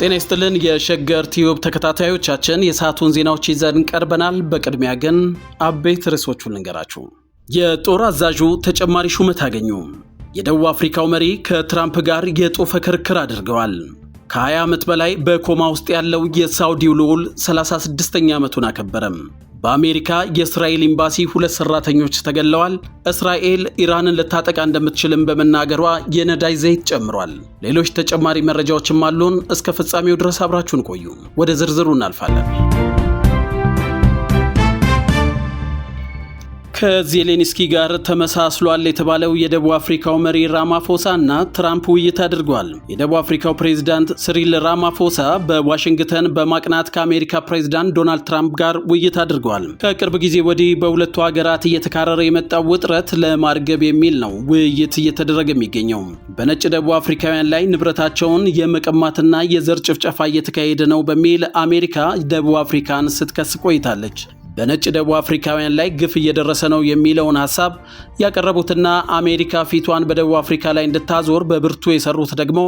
ጤና ይስጥልን የሸገር ቲዩብ ተከታታዮቻችን፣ የሰዓቱን ዜናዎች ይዘን ቀርበናል። በቅድሚያ ግን አበይት ርዕሶቹን ልንገራችሁ። የጦር አዛዡ ተጨማሪ ሹመት አገኙ። የደቡብ አፍሪካው መሪ ከትራምፕ ጋር የጦፈ ክርክር አድርገዋል። ከ20 ዓመት በላይ በኮማ ውስጥ ያለው የሳውዲው ልዑል 36ኛ ዓመቱን አከበረም። በአሜሪካ የእስራኤል ኤምባሲ ሁለት ሰራተኞች ተገለዋል። እስራኤል ኢራንን ልታጠቃ እንደምትችልም በመናገሯ የነዳጅ ዘይት ጨምሯል። ሌሎች ተጨማሪ መረጃዎችም አሉን። እስከ ፍጻሜው ድረስ አብራችሁን ቆዩ። ወደ ዝርዝሩ እናልፋለን። ከዜሌንስኪ ጋር ተመሳስሏል የተባለው የደቡብ አፍሪካው መሪ ራማፎሳ እና ትራምፕ ውይይት አድርጓል። የደቡብ አፍሪካው ፕሬዚዳንት ስሪል ራማፎሳ በዋሽንግተን በማቅናት ከአሜሪካ ፕሬዚዳንት ዶናልድ ትራምፕ ጋር ውይይት አድርጓል። ከቅርብ ጊዜ ወዲህ በሁለቱ ሀገራት እየተካረረ የመጣው ውጥረት ለማርገብ የሚል ነው ውይይት እየተደረገ የሚገኘው። በነጭ ደቡብ አፍሪካውያን ላይ ንብረታቸውን የመቀማትና የዘር ጭፍጨፋ እየተካሄደ ነው በሚል አሜሪካ ደቡብ አፍሪካን ስትከስ ቆይታለች። በነጭ ደቡብ አፍሪካውያን ላይ ግፍ እየደረሰ ነው የሚለውን ሀሳብ ያቀረቡትና አሜሪካ ፊቷን በደቡብ አፍሪካ ላይ እንድታዞር በብርቱ የሰሩት ደግሞ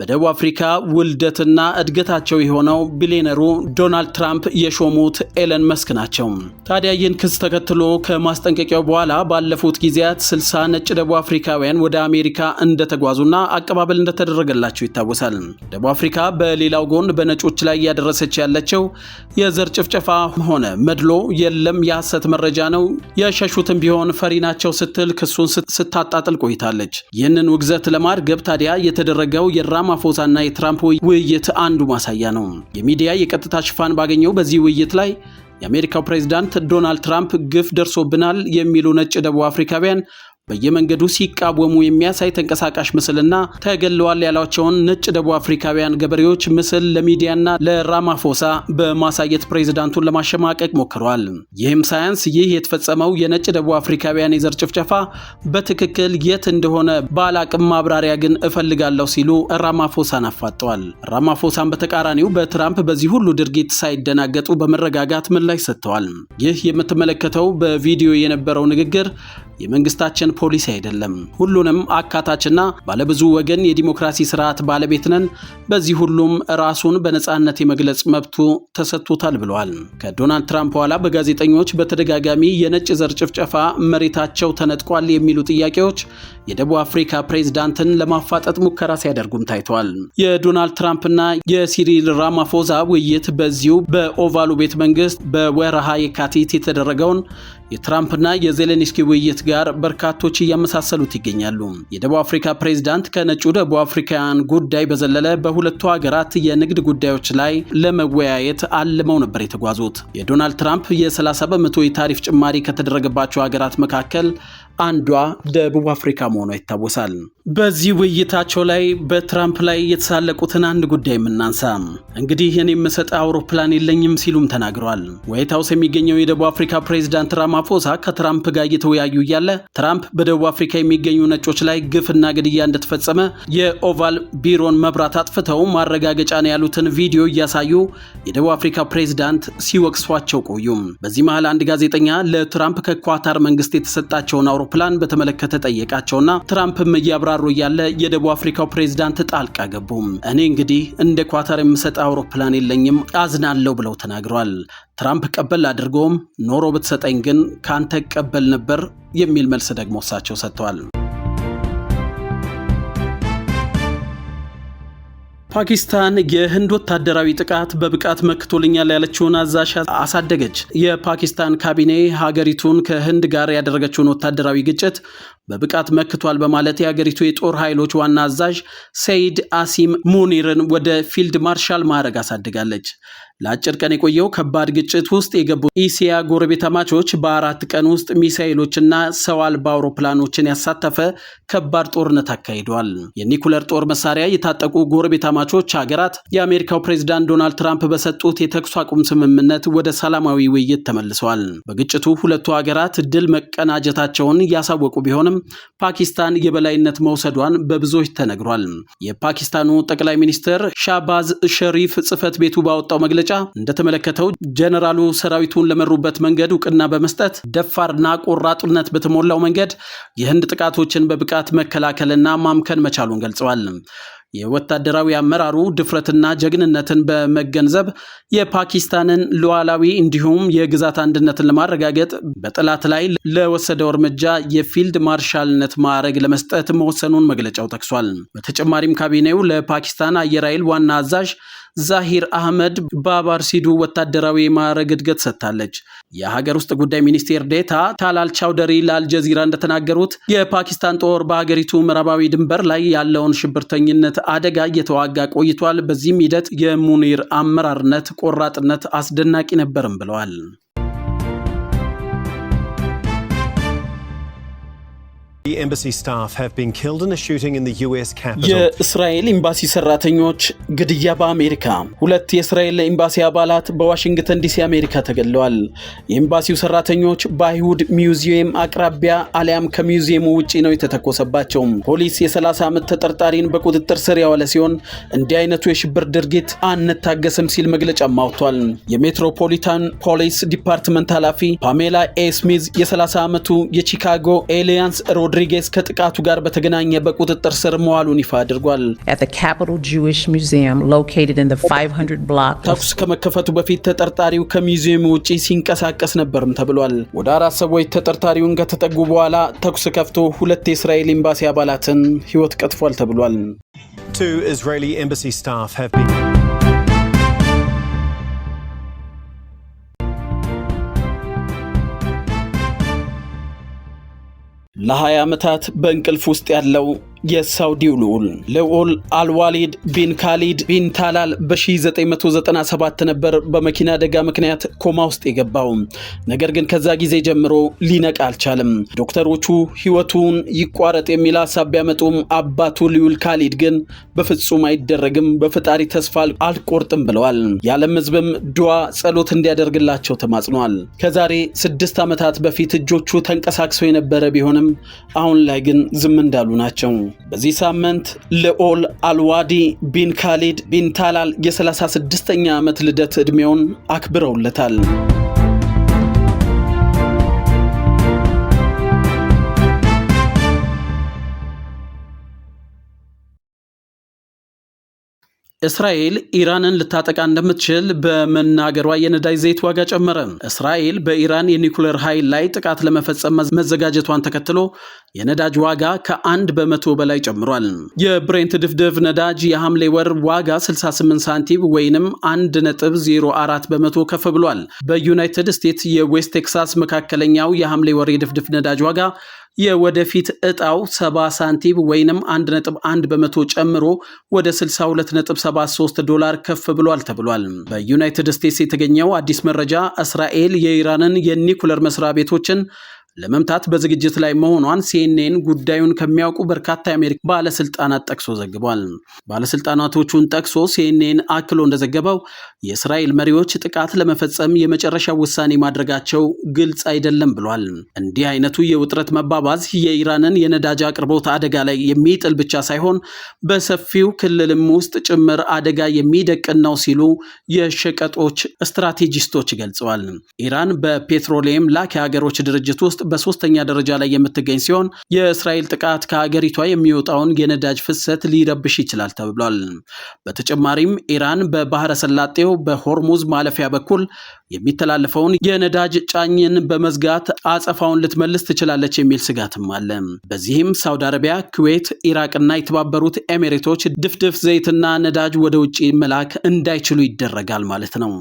በደቡብ አፍሪካ ውልደትና እድገታቸው የሆነው ቢሊዮነሩ ዶናልድ ትራምፕ የሾሙት ኤለን መስክ ናቸው። ታዲያ ይህን ክስ ተከትሎ ከማስጠንቀቂያው በኋላ ባለፉት ጊዜያት ስልሳ ነጭ ደቡብ አፍሪካውያን ወደ አሜሪካ እንደተጓዙና አቀባበል እንደተደረገላቸው ይታወሳል። ደቡብ አፍሪካ በሌላው ጎን በነጮች ላይ እያደረሰች ያለችው የዘር ጭፍጨፋ ሆነ መድሎ የለም፣ የሐሰት መረጃ ነው፣ የሸሹትም ቢሆን ፈሪ ናቸው ስትል ክሱን ስታጣጥል ቆይታለች። ይህንን ውግዘት ለማርገብ ታዲያ የተደረገው የራ የራማፎሳና የትራምፕ ውይይት አንዱ ማሳያ ነው። የሚዲያ የቀጥታ ሽፋን ባገኘው በዚህ ውይይት ላይ የአሜሪካው ፕሬዚዳንት ዶናልድ ትራምፕ ግፍ ደርሶብናል የሚሉ ነጭ ደቡብ አፍሪካውያን በየመንገዱ ሲቃወሙ የሚያሳይ ተንቀሳቃሽ ምስልና ተገለዋል ያሏቸውን ነጭ ደቡብ አፍሪካውያን ገበሬዎች ምስል ለሚዲያና ለራማፎሳ በማሳየት ፕሬዝዳንቱን ለማሸማቀቅ ሞክሯል። ይህም ሳያንስ ይህ የተፈጸመው የነጭ ደቡብ አፍሪካውያን የዘር ጭፍጨፋ በትክክል የት እንደሆነ ባላቅም ማብራሪያ ግን እፈልጋለሁ ሲሉ ራማፎሳን አፋጠዋል። ራማፎሳን በተቃራኒው በትራምፕ በዚህ ሁሉ ድርጊት ሳይደናገጡ በመረጋጋት ምላሽ ሰጥተዋል። ይህ የምትመለከተው በቪዲዮ የነበረው ንግግር የመንግስታችን ፖሊሲ አይደለም። ሁሉንም አካታችና ባለብዙ ወገን የዲሞክራሲ ስርዓት ባለቤት ነን። በዚህ ሁሉም ራሱን በነፃነት የመግለጽ መብቱ ተሰጥቶታል ብለዋል። ከዶናልድ ትራምፕ በኋላ በጋዜጠኞች በተደጋጋሚ የነጭ ዘር ጭፍጨፋ መሬታቸው ተነጥቋል የሚሉ ጥያቄዎች የደቡብ አፍሪካ ፕሬዝዳንትን ለማፋጠጥ ሙከራ ሲያደርጉም ታይተዋል። የዶናልድ ትራምፕና የሲሪል ራማፎዛ ውይይት በዚሁ በኦቫሉ ቤተ መንግስት በወረሃ የካቲት የተደረገውን የትራምፕና የዜሌንስኪ ውይይት ጋር በርካቶች እያመሳሰሉት ይገኛሉ። የደቡብ አፍሪካ ፕሬዝዳንት ከነጩ ደቡብ አፍሪካውያን ጉዳይ በዘለለ በሁለቱ ሀገራት የንግድ ጉዳዮች ላይ ለመወያየት አልመው ነበር የተጓዙት። የዶናልድ ትራምፕ የ30 በመቶ የታሪፍ ጭማሪ ከተደረገባቸው ሀገራት መካከል አንዷ ደቡብ አፍሪካ መሆኗ ይታወሳል። በዚህ ውይይታቸው ላይ በትራምፕ ላይ የተሳለቁትን አንድ ጉዳይ የምናንሳ እንግዲህ እኔ የምሰጥ አውሮፕላን የለኝም ሲሉም ተናግረዋል። ዋይት ሀውስ የሚገኘው የደቡብ አፍሪካ ፕሬዚዳንት ራማፎሳ ከትራምፕ ጋር እየተወያዩ እያለ ትራምፕ በደቡብ አፍሪካ የሚገኙ ነጮች ላይ ግፍና ግድያ እንደተፈጸመ የኦቫል ቢሮን መብራት አጥፍተው ማረጋገጫ ነው ያሉትን ቪዲዮ እያሳዩ የደቡብ አፍሪካ ፕሬዚዳንት ሲወቅሷቸው ቆዩም። በዚህ መሀል አንድ ጋዜጠኛ ለትራምፕ ከኳታር መንግስት የተሰጣቸውን አውሮ አውሮፕላን በተመለከተ ጠየቃቸውና ትራምፕም እያብራሩ እያለ የደቡብ አፍሪካው ፕሬዚዳንት ጣልቃ ገቡም። እኔ እንግዲህ እንደ ኳታር የምሰጥ አውሮፕላን የለኝም አዝናለው ብለው ተናግሯል። ትራምፕ ቀበል አድርጎም ኖሮ ብትሰጠኝ ግን ከአንተ ቀበል ነበር የሚል መልስ ደግሞ እሳቸው ሰጥተዋል። ፓኪስታን የህንድ ወታደራዊ ጥቃት በብቃት መክቶልኛል ያለችውን አዛዥ አሳደገች። የፓኪስታን ካቢኔ ሀገሪቱን ከህንድ ጋር ያደረገችውን ወታደራዊ ግጭት በብቃት መክቷል በማለት የአገሪቱ የጦር ኃይሎች ዋና አዛዥ ሰይድ አሲም ሙኒርን ወደ ፊልድ ማርሻል ማዕረግ አሳድጋለች። ለአጭር ቀን የቆየው ከባድ ግጭት ውስጥ የገቡ ኢሲያ ጎረቤታማቾች በአራት ቀን ውስጥ ሚሳኤሎችና ሰው አልባ አውሮፕላኖችን ያሳተፈ ከባድ ጦርነት አካሂደዋል። የኒኩለር ጦር መሳሪያ የታጠቁ ጎረቤታማቾች ሀገራት የአሜሪካው ፕሬዚዳንት ዶናልድ ትራምፕ በሰጡት የተኩስ አቁም ስምምነት ወደ ሰላማዊ ውይይት ተመልሰዋል። በግጭቱ ሁለቱ ሀገራት ድል መቀናጀታቸውን እያሳወቁ ቢሆንም ፓኪስታን የበላይነት መውሰዷን በብዙዎች ተነግሯል። የፓኪስታኑ ጠቅላይ ሚኒስትር ሻባዝ ሸሪፍ ጽህፈት ቤቱ ባወጣው መግለጫ እንደተመለከተው ጀነራሉ ሰራዊቱን ለመሩበት መንገድ እውቅና በመስጠት ደፋርና ቆራጡነት በተሞላው መንገድ የህንድ ጥቃቶችን በብቃት መከላከልና ማምከን መቻሉን ገልጸዋል። የወታደራዊ አመራሩ ድፍረትና ጀግንነትን በመገንዘብ የፓኪስታንን ሉዓላዊ እንዲሁም የግዛት አንድነትን ለማረጋገጥ በጠላት ላይ ለወሰደው እርምጃ የፊልድ ማርሻልነት ማዕረግ ለመስጠት መወሰኑን መግለጫው ጠቅሷል። በተጨማሪም ካቢኔው ለፓኪስታን አየር ኃይል ዋና አዛዥ ዛሂር አህመድ ባባር ሲዱ ወታደራዊ የማዕረግ እድገት ሰጥታለች። የሀገር ውስጥ ጉዳይ ሚኒስቴር ዴታ ታላል ቻውደሪ ለአልጀዚራ እንደተናገሩት የፓኪስታን ጦር በሀገሪቱ ምዕራባዊ ድንበር ላይ ያለውን ሽብርተኝነት አደጋ እየተዋጋ ቆይቷል። በዚህም ሂደት የሙኒር አመራርነት ቆራጥነት አስደናቂ ነበርም ብለዋል። የእስራኤል ኤምባሲ ሰራተኞች ግድያ በአሜሪካ ሁለት የእስራኤል ኤምባሲ አባላት በዋሽንግተን ዲሲ አሜሪካ ተገድለዋል። የኤምባሲው ሰራተኞች በአይሁድ ሚውዚየም አቅራቢያ አሊያም ከሚውዚየሙ ውጪ ነው የተተኮሰባቸው። ፖሊስ የ30 ዓመት ተጠርጣሪን በቁጥጥር ስር ያዋለ ሲሆን እንዲህ አይነቱ የሽብር ድርጊት አንታገስም ሲል መግለጫም አውጥቷል። የሜትሮፖሊታን ፖሊስ ዲፓርትመንት ኃላፊ ፓሜላ ኤ ስሚዝ የ30 ዓመቱ የቺካጎ ኤሊያንስ ሮድ ሮድሪጌዝ ከጥቃቱ ጋር በተገናኘ በቁጥጥር ስር መዋሉን ይፋ አድርጓል። ተኩስ ከመከፈቱ በፊት ተጠርጣሪው ከሚውዚየሙ ውጪ ሲንቀሳቀስ ነበርም ተብሏል። ወደ አራት ሰዎች ተጠርጣሪውን ከተጠጉ በኋላ ተኩስ ከፍቶ ሁለት የእስራኤል ኤምባሲ አባላትን ሕይወት ቀጥፏል ተብሏል። ለ20 ዓመታት በእንቅልፍ ውስጥ ያለው የሳውዲው ልዑል ልዑል አልዋሊድ ቢን ካሊድ ቢን ታላል በ1997 ነበር በመኪና አደጋ ምክንያት ኮማ ውስጥ የገባው። ነገር ግን ከዛ ጊዜ ጀምሮ ሊነቃ አልቻለም። ዶክተሮቹ ህይወቱን ይቋረጥ የሚል ሀሳብ ቢያመጡም አባቱ ልዑል ካሊድ ግን በፍጹም አይደረግም፣ በፈጣሪ ተስፋ አልቆርጥም ብለዋል። የዓለም ህዝብም ድዋ ጸሎት እንዲያደርግላቸው ተማጽኗል። ከዛሬ ስድስት ዓመታት በፊት እጆቹ ተንቀሳቅሰው የነበረ ቢሆንም አሁን ላይ ግን ዝም እንዳሉ ናቸው። በዚህ ሳምንት ልዑል አልዋዲ ቢን ካሊድ ቢን ታላል የ36ኛ ዓመት ልደት ዕድሜውን አክብረውለታል። እስራኤል ኢራንን ልታጠቃ እንደምትችል በመናገሯ የነዳጅ ዘይት ዋጋ ጨመረ። እስራኤል በኢራን የኒኩሌር ኃይል ላይ ጥቃት ለመፈጸም መዘጋጀቷን ተከትሎ የነዳጅ ዋጋ ከአንድ በመቶ በላይ ጨምሯል። የብሬንት ድፍድፍ ነዳጅ የሐምሌ ወር ዋጋ 68 ሳንቲም ወይንም 1.04 በመቶ ከፍ ብሏል። በዩናይትድ ስቴትስ የዌስት ቴክሳስ መካከለኛው የሐምሌ ወር የድፍድፍ ነዳጅ ዋጋ የወደፊት እጣው 70 ሳንቲም ወይንም 1.1 በመቶ ጨምሮ ወደ 62.73 ዶላር ከፍ ብሏል ተብሏል። በዩናይትድ ስቴትስ የተገኘው አዲስ መረጃ እስራኤል የኢራንን የኒኩለር መስሪያ ቤቶችን ለመምታት በዝግጅት ላይ መሆኗን ሲኤንኤን ጉዳዩን ከሚያውቁ በርካታ የአሜሪካ ባለስልጣናት ጠቅሶ ዘግቧል። ባለስልጣናቶቹን ጠቅሶ ሲኤንኤን አክሎ እንደዘገበው የእስራኤል መሪዎች ጥቃት ለመፈጸም የመጨረሻ ውሳኔ ማድረጋቸው ግልጽ አይደለም ብሏል። እንዲህ አይነቱ የውጥረት መባባዝ የኢራንን የነዳጅ አቅርቦት አደጋ ላይ የሚጥል ብቻ ሳይሆን በሰፊው ክልልም ውስጥ ጭምር አደጋ የሚደቅን ነው ሲሉ የሸቀጦች ስትራቴጂስቶች ገልጸዋል። ኢራን በፔትሮሊየም ላኪ ሀገሮች ድርጅት ውስጥ በሶስተኛ ደረጃ ላይ የምትገኝ ሲሆን የእስራኤል ጥቃት ከሀገሪቷ የሚወጣውን የነዳጅ ፍሰት ሊረብሽ ይችላል ተብሏል። በተጨማሪም ኢራን በባህረ ሰላጤው በሆርሙዝ ማለፊያ በኩል የሚተላለፈውን የነዳጅ ጫኝን በመዝጋት አጸፋውን ልትመልስ ትችላለች የሚል ስጋትም አለ። በዚህም ሳውዲ አረቢያ፣ ኩዌት፣ ኢራቅና የተባበሩት ኤሚሬቶች ድፍድፍ ዘይትና ነዳጅ ወደ ውጭ መላክ እንዳይችሉ ይደረጋል ማለት ነው።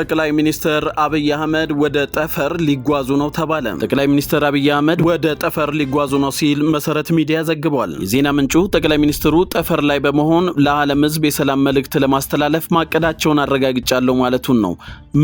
ጠቅላይ ሚኒስትር አብይ አህመድ ወደ ጠፈር ሊጓዙ ነው ተባለ። ጠቅላይ ሚኒስትር አብይ አህመድ ወደ ጠፈር ሊጓዙ ነው ሲል መሰረት ሚዲያ ዘግቧል። የዜና ምንጩ ጠቅላይ ሚኒስትሩ ጠፈር ላይ በመሆን ለዓለም ሕዝብ የሰላም መልእክት ለማስተላለፍ ማቀዳቸውን አረጋግጫለሁ ማለቱን ነው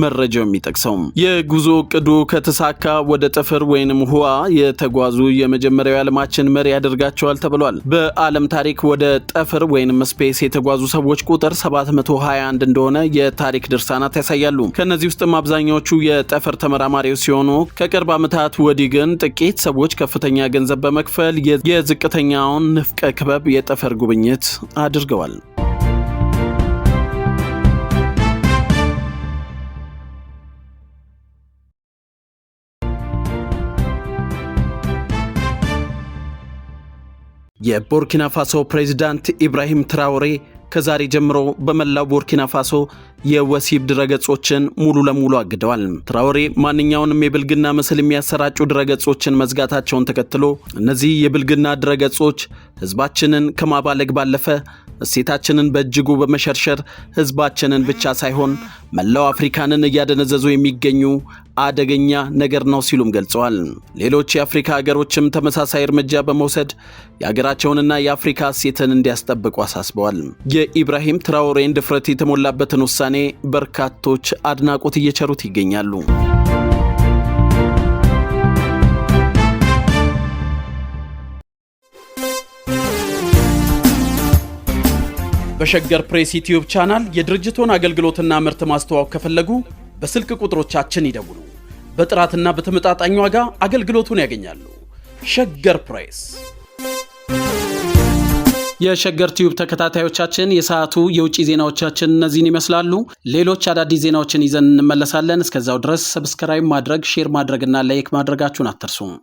መረጃው የሚጠቅሰው። የጉዞ እቅዱ ከተሳካ ወደ ጠፈር ወይንም ህዋ የተጓዙ የመጀመሪያው ዓለማችን መሪ ያደርጋቸዋል ተብሏል። በዓለም ታሪክ ወደ ጠፈር ወይንም ስፔስ የተጓዙ ሰዎች ቁጥር 721 እንደሆነ የታሪክ ድርሳናት ያሳያሉ። ይገኛሉ። ከእነዚህ ውስጥም አብዛኛዎቹ የጠፈር ተመራማሪዎች ሲሆኑ ከቅርብ ዓመታት ወዲህ ግን ጥቂት ሰዎች ከፍተኛ ገንዘብ በመክፈል የዝቅተኛውን ንፍቀ ክበብ የጠፈር ጉብኝት አድርገዋል። የቡርኪና ፋሶ ፕሬዚዳንት ኢብራሂም ትራውሬ ከዛሬ ጀምሮ በመላው ቡርኪና ፋሶ የወሲብ ድረገጾችን ሙሉ ለሙሉ አግደዋል። ትራውሬ ማንኛውንም የብልግና ምስል የሚያሰራጩ ድረገጾችን መዝጋታቸውን ተከትሎ እነዚህ የብልግና ድረገጾች ህዝባችንን ከማባለግ ባለፈ እሴታችንን በእጅጉ በመሸርሸር ህዝባችንን ብቻ ሳይሆን መላው አፍሪካንን እያደነዘዙ የሚገኙ አደገኛ ነገር ነው ሲሉም ገልጸዋል። ሌሎች የአፍሪካ ሀገሮችም ተመሳሳይ እርምጃ በመውሰድ የሀገራቸውንና የአፍሪካ ሴትን እንዲያስጠብቁ አሳስበዋል። የኢብራሂም ትራውሬን ድፍረት የተሞላበትን ውሳኔ በርካቶች አድናቆት እየቸሩት ይገኛሉ። በሸገር ፕሬስ ዩቲዩብ ቻናል የድርጅቱን አገልግሎትና ምርት ማስተዋወቅ ከፈለጉ በስልክ ቁጥሮቻችን ይደውሉ። በጥራትና በተመጣጣኝ ዋጋ አገልግሎቱን ያገኛሉ። ሸገር ፕሬስ። የሸገር ቲዩብ ተከታታዮቻችን የሰዓቱ የውጭ ዜናዎቻችን እነዚህን ይመስላሉ። ሌሎች አዳዲስ ዜናዎችን ይዘን እንመለሳለን። እስከዛው ድረስ ሰብስክራይብ ማድረግ፣ ሼር ማድረግና ላይክ ማድረጋችሁን አትርሱም።